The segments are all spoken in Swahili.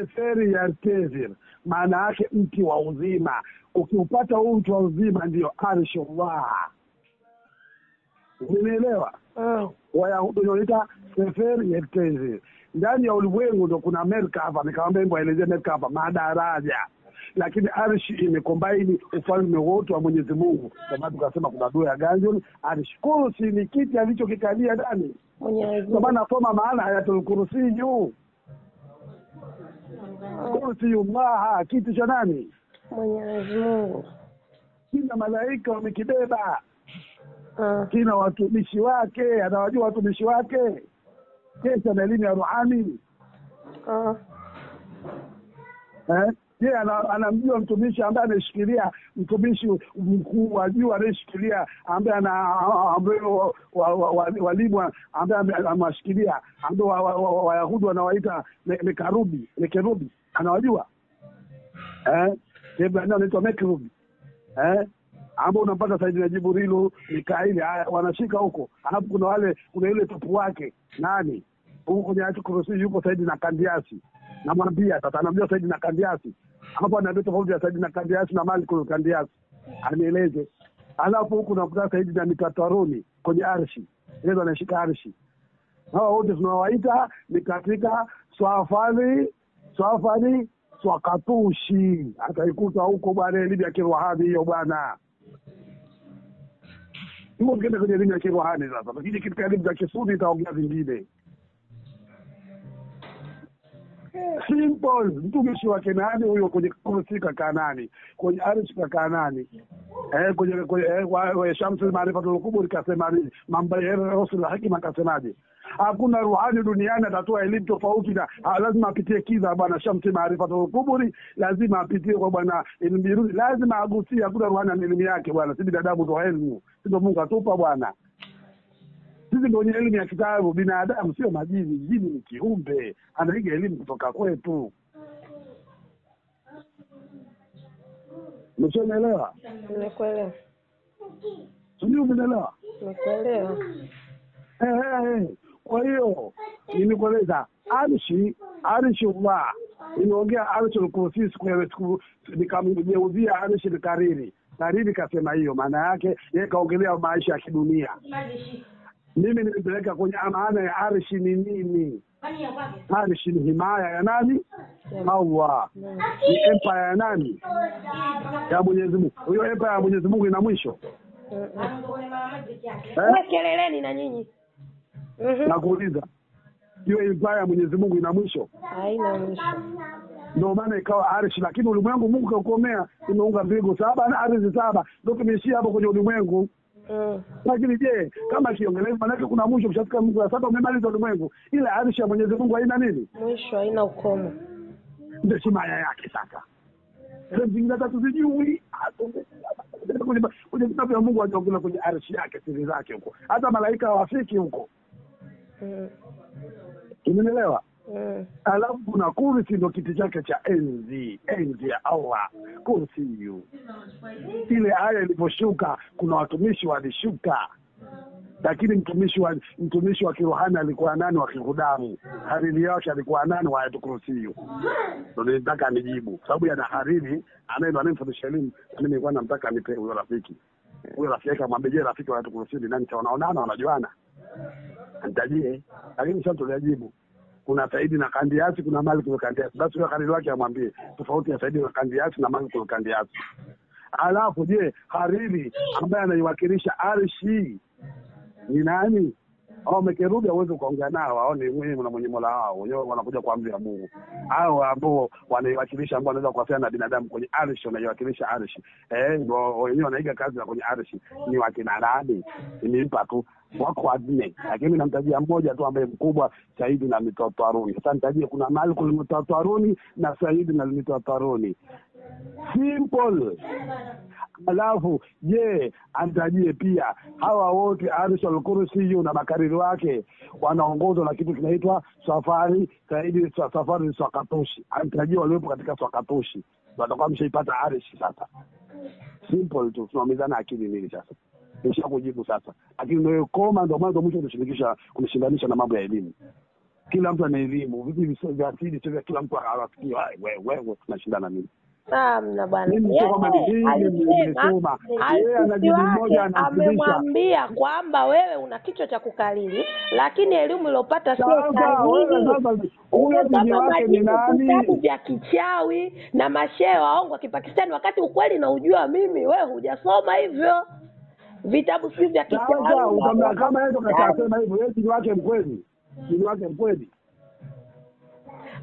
seferi ya tezir maana yake mti wa uzima ukiupata huu mti wa uzima ndiyo arshullah nimeelewa oh. Ah. wanaita seferi ya tezir ndani ya ulimwengu ndo kuna merka hapa nikawambia hivyo aelezea merka hapa madaraja lakini arshi imekombaini ufalme wote wa mwenyezi mungu ndomana tukasema kuna dua ya ganjon arshi kursi ni kiti alichokikalia ndani maana asoma maana ayatul juu Kursiullaha, kiti cha nani? Mwenyezi Mungu. Kina malaika wamekibeba uh. Kina watumishi wake, anawajua watumishi wake kesa na elimu ya ruhani uh. eh? Je, anamjua mtumishi ambaye ameshikilia mtumishi mkuu wa juu anayeshikilia ambaye walimwa ambaye amewashikilia ambao Wayahudi wanawaita mekarubi mekerubi, anawajua Kiebrania eh? anaitwa mekerubi eh? ambao unampata na Jiburilu, Mikaili, wanashika huko. Alafu kuna wale, kuna ile topu wake nani huko kwenye Ayatul Kursi yupo na Kandiasi, namwambia sasa, anamjua na Kandiasi hapa na vitu tofauti ya Saidi na Kandiasi na mali kwa Kandiasi anieleze, alafu huku nakuta Saidi na mikataroni kwenye arshi lezo anashika arshi. Hawa wote tunawaita ni katika swafali swafali swakatushi, ataikuta huko bwana, elimu ya kiruhani hiyo bwana hivo. Tukienda kwenye elimu ya kiruhani sasa, lakini katika elimu za kisuni itaongea vingine simple mtumishi wa nani huyo kwenye kursi kakaa nani, kwenye arish kakaa nani eh, kwenye kwenye eh, shamsi maarifatul kubur kasema nini, mambo ya rasul hakima kasemaje? Hakuna ruhani duniani atatoa elimu tofauti na lazima apitie kidha bwana shamsi maarifatul kuburi, lazima apitie kwa bwana elimu, lazima agusie. Hakuna ruhani na elimu yake bwana, si binadamu ndo elmu sindo Mungu atupa bwana sisi ndio wenye elimu ya kitabu, binadamu sio majini. Jini ni kiumbe, anaiga elimu kutoka kwetu. Umeshaelewa? Nimekuelewa. Sijui umenielewa? Nimekuelewa. Eh, eh, eh, Kwa hiyo nimekueleza arshi arshullah, nimeongea arshul arshi siku ya siku, nikamjeuzia arshi kariri kariri, kasema hiyo maana yake yeye kaongelea maisha ya kidunia. Mimi nimepeleka kwenye amana ya arshi ni nini? Arshi ni himaya ya nani? Allah. Ni empire ya nani? Ya Mwenyezi Mungu. Hiyo empire ya Mwenyezi Mungu ina mwisho. Eh? Keleleni na nyinyi. Mm-hmm. Nakuuliza, hiyo empire ya Mwenyezi Mungu ina mwisho? Haina mwisho. Ndio maana ikawa arshi, lakini ulimwengu Mungu kaukomea, imeunga mbingu saba na ardhi saba, ndio tumeishia hapo kwenye ulimwengu lakini je, kama siongelevi, maanake kuna mwisho. Ushafika Mungu ya saba umemaliza ulimwengu, ila arsha ya Mwenyezi Mungu haina nini mwisho, haina ukomo. Ndio himaya yake. Sasa sehemu zingine hata tuzijui kwenye vitabu vya Mungu wajakula kwenye arshi yake, siri zake huko, hata malaika hawafiki huko. Mm. Umenielewa? eh. Alafu kuna kursi ndo kiti chake cha enzi, enzi ya Allah, kursi hiyo. Ile aya iliposhuka, kuna watumishi walishuka, lakini mtumishi wa mtumishi wa kiruhani alikuwa nani? Wa kihudamu hariri yake alikuwa nani? wa ayatu kursi hiyo. ndio nilitaka nijibu, sababu yana hariri anaenda anayemfundisha elimu, mimi nilikuwa namtaka nipe huyo rafiki huyo rafiki yake amwambie, je, rafiki wa ayatu kursi ni nani? Cha wanaonana wanajuana, nitajie, lakini sasa tuliajibu kuna Saidi na Kandiasi, kuna Malik na Kandiasi, basi yule kariri wake amwambie tofauti ya Saidi na Kandiasi na Malik na Kandiasi. Alafu je, hariri ambaye anaiwakilisha arshi ni nani? au amekerudi aweze ukaongea nao, aone mwenyewe na mwenye mola wao wenyewe, wanakuja kwa amri ya Mungu. Hao ambao wanaiwakilisha ambao wanaweza kuwasiliana na binadamu kwenye arshi wanaiwakilisha arshi eh, ndio wenyewe wanaiga kazi ya kwenye arshi Ni wakina nani? Nimempa tu wako wanne, lakini namtajia mmoja tu ambaye mkubwa Saidi na Mitatwaruni. Sasa nitajie kuna Malikul Mitatwaruni na Saidi na Mitatwaruni simple. Alafu je, amtajie pia hawa wote Arshal Kursiyu na makariri wake wanaongozwa na kitu kinaitwa safari saidi safari swakatoshi, amtajie waliopo katika swakatoshi, watakuwa mshaipata arishi. Sasa simple tu, tunaumizana akili nini sasa nisha kujibu sasa, lakini ndio koma ndio mwanzo mwisho kunishindikisha kunishindanisha na mambo ya elimu. Kila mtu ana elimu, vipi visio vya asili sio vya kila mtu. Wewe wewe tunashindana nini? Amna bwana, kwamba alisema amemwambia kwamba wewe una kichwa cha kukalili lakini elimu iliyopata sio vya kichawi na mashehe waongo wa Kipakistani, wakati ukweli naujua mimi, wewe hujasoma hivyo vitabu si vya kichawi kama yeye ndo kasema hivyo, yeye wake mkweli, wake mkweli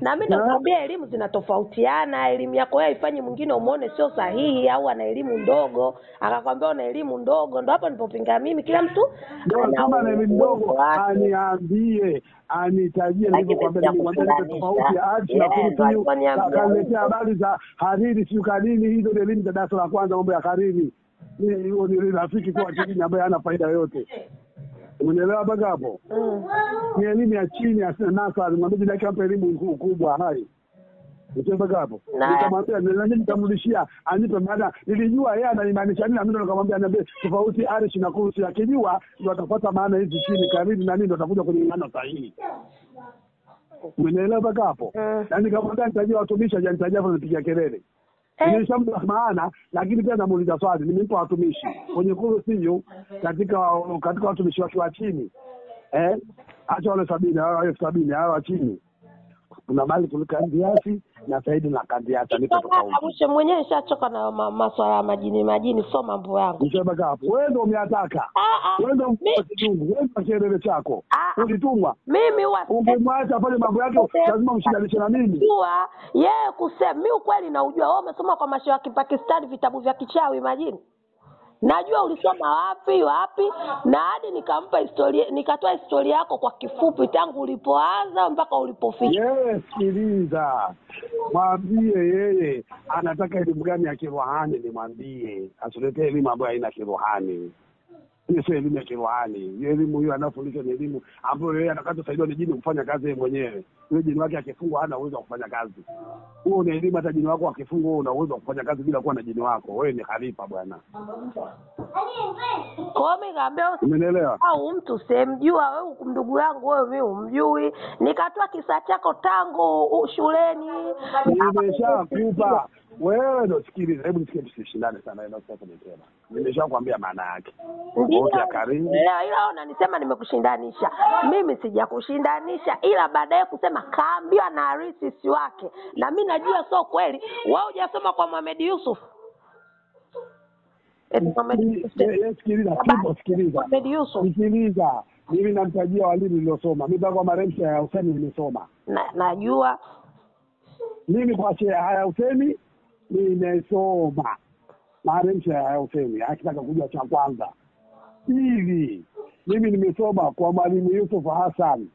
na mimi nakwambia elimu zinatofautiana elimu yako wewe ifanye mwingine umuone sio sahihi au ana elimu ndogo akakwambia una elimu ndogo ndo hapo nilipopinga mimi kila mtu ana elimu ndogo aniambie anitajie nikwambiatofautikaniletea habari za hariri siu kanini hizo ni elimu za darasa la kwanza mambo ya hariri hiyo ni rafiki kwa kidini ambaye hana faida yoyote Umenielewa mpaka hapo? Mm. Ni elimu ya chini ya nasari, mwambie dada yake ampe elimu kubwa hai. Mpaka hapo. Nikamwambia nani nikamrudishia anipe maana nilijua yeye ananimaanisha nini na mimi nikamwambia niambie tofauti arish na kursi akijua ndio atafuata maana hizi chini karibu na nini ndio atakuja kwenye maana sahihi. Umenielewa mpaka hapo? Mm. Na nikamwambia nitajia watumishi hajanitajia kwa nipigia kelele. Eh. nimeshamda maana, lakini pia namuuliza swali. Nimempa watumishi kwenye kuru siyu katika katika watumishi wake wa chini eh, acha wale sabini, hawa elfu sabini hawa wa chini kuna mali ndiasi na Saidi na kandiasa niko Mwenyewe nishachoka na ma, maswala ya majini majini, sio mambo yangu. Nishabaka hapo, wewe ndio umeataka, ah, ah. wewe ndio mtungu, wewe chako ah, ulitumwa. Mimi wa ungemwacha afanye mambo yake, lazima mshindanishe na mimi kwa yeye kusema. mi ukweli naujua, wewe umesoma kwa mashauri ya kipakistani vitabu vya kichawi majini najua ulisoma wapi wapi, na hadi nikampa historia, nikatoa historia yako kwa kifupi, tangu ulipoanza mpaka ulipofika. Yeye sikiliza, mwambie yeye anataka elimu gani ya kirohani, nimwambie asiletee elimu ambayo haina kirohani sio elimu ya kirohani. Hiyo elimu hiyo anayofundishwa ni elimu ambayo yeye atakachosaidiwa ni jini kufanya kazi yeye mwenyewe. Yule jini wake akifungwa hana uwezo wa kufanya kazi. Huo ni elimu, hata jini wako akifungwa, wewe una uwezo wa kufanya kazi bila kuwa na jini wako. Wewe ni khalifa bwana. Kwa umenielewa? Au ah, mtu semjua wewe ndugu yangu wewe, mimi umjui, nikatoa kisa chako tangu shuleni, nimeshakupa wewe ndo sikiliza, hebu nisikie, tusishindane sana, tena nimeshakwambia maana yake ya karibu, Ila unanisema nimekushindanisha mimi, sijakushindanisha, ila baadaye kusema kaambiwa na arisisi wake, na mi najua sio kweli. Wewe hujasoma kwa Mohamed Yusuf? Sikiliza, mimi namtajia walimu niliosoma mimi, tangu ya Huseni nimesoma, najua mimi kwa Haya Huseni nimesoma. Maaremsha ya semi, akitaka kujua cha kwanza. Hivi mimi nimesoma kwa mwalimu Yusuf Hassan,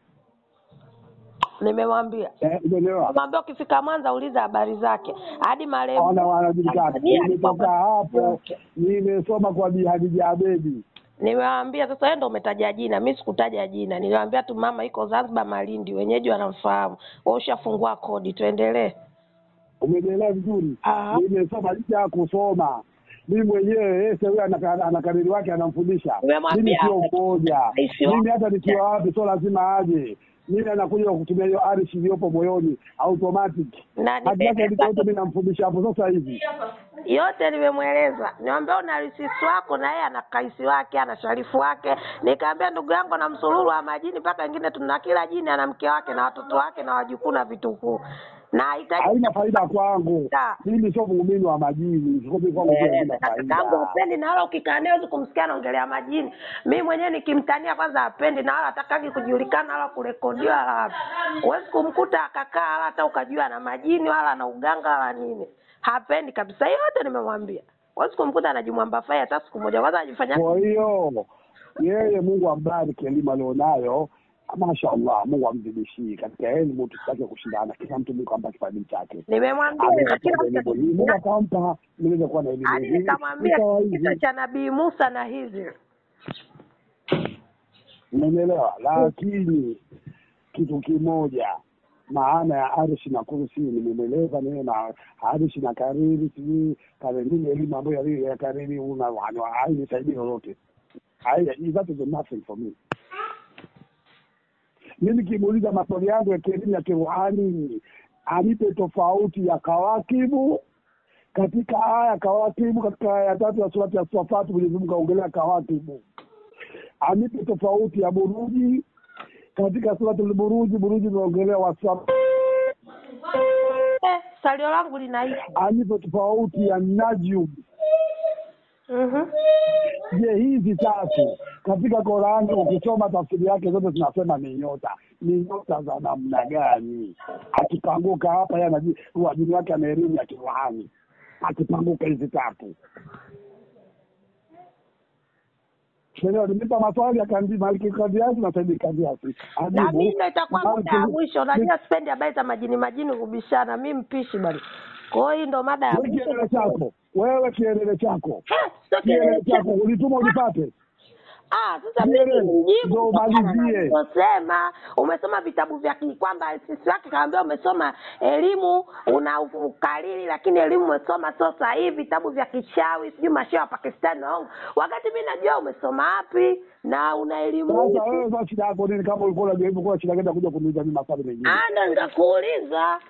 nimemwambia eh, ukifika Mwanza uliza habari zake hadi marehemu Nimetoka hapo nimesoma kwa Bi Hadija Abedi. Nimewaambia sasa, wewe ndio umetaja jina, mi sikutaja jina. Niliwaambia tu mama iko Zanzibar Malindi, wenyeji wanamfahamu. Wewe ushafungua kodi, tuendelee. Umenielewa vizuri? Ah. Nimesoma licha ya kusoma mi mwenyewe Yesu huyo ana kariri wake, anamfundisha mimi, sio mmoja mimi. Hata nikiwa wapi, sio lazima aje mimi, anakuja kutumia hiyo arish iliyopo moyoni automatic. Mimi namfundisha hapo sasa hivi, yote nimemweleza, niambia una risisi wako na yeye ana kaisi wake, ana sharifu wake. nikaambia ndugu yangu ana msururu wa majini mpaka wengine tuna kila jini ana mke wake na watoto wake na wajukuu na vitukuu na haina faida kwangu. Mimi sio muumini wa majini, sikopi kwangu eh, kwangu na wala ukikaa naye kumsikia anaongelea majini. Mimi mwenyewe nikimtania kwanza hapendi, na wala hataki kujulikana wala kurekodiwa wala Huwezi kumkuta akakaa wala hata ukajua na majini wala na uganga wala nini, hapendi kabisa. Hiyo yote nimemwambia, huwezi kumkuta anajimwamba fai hata siku moja. Kwanza anajifanya kwa hiyo yeye, Mungu ambariki elimu alionayo Masha Allah, Mungu amzidishie katika yeye, elimu, tusitake kushindana, kila mtu Mungu ampa kipaji chake. Nimemwambia kila mtu Mungu akampa, niweze kuwa na elimu hii, nikamwambia kitu cha Nabii Musa na hizi nimeelewa, Lakini kitu kimoja maana ya arshi na kursi nimemweleza nini, na arshi na kariri, sijui kariri, elimu yaani ambayo ya kariri una hainisaidii lolote, that is nothing for me mi nikimuuliza maswali yangu ya kielimu ya kiruhani, anipe tofauti ya kawakibu katika aya kawakibu, katika aya ya tatu ya surati ya swafatu mwenyezimungu kaongelea kawakibu. Anipe tofauti ya buruji katika surati Buruji, buruji imeongelea wasa eh, Salio langu linaisha. Anipe tofauti ya najum Je, mhm. hizi tatu katika Korani ukisoma tafsiri yake zote zinasema ni nyota. Ni nyota za namna gani? Akipanguka hapa yeye wajini wake ana elimu ya kirohani, akipanguka hizi tatu Leo nimepa maswali yasi na kandi yasi. ajibu. Mimi itakuwa muda wa mwisho. Unajua sipendi habari za majini majini kubishana. Mimi mpishi bali kwa hiyo ndo mada ya kielele chako wewe, kielele chako kielele chako ulituma ulipate Ah, sasa mimi malizie osema umesoma vitabu vya kwamba sisi wake kaambia umesoma elimu una ukalili, lakini elimu umesoma sio sahihi, vitabu vya kishawi sijui mashia wa Pakistani na wakati mimi najua umesoma wapi na una elimu. Sasa wewe shida yako nini? Kama ulikuwa unajaribu kwa shida gani kuja kuniuliza mimi maswali mengine? Ah, ndio nikakuuliza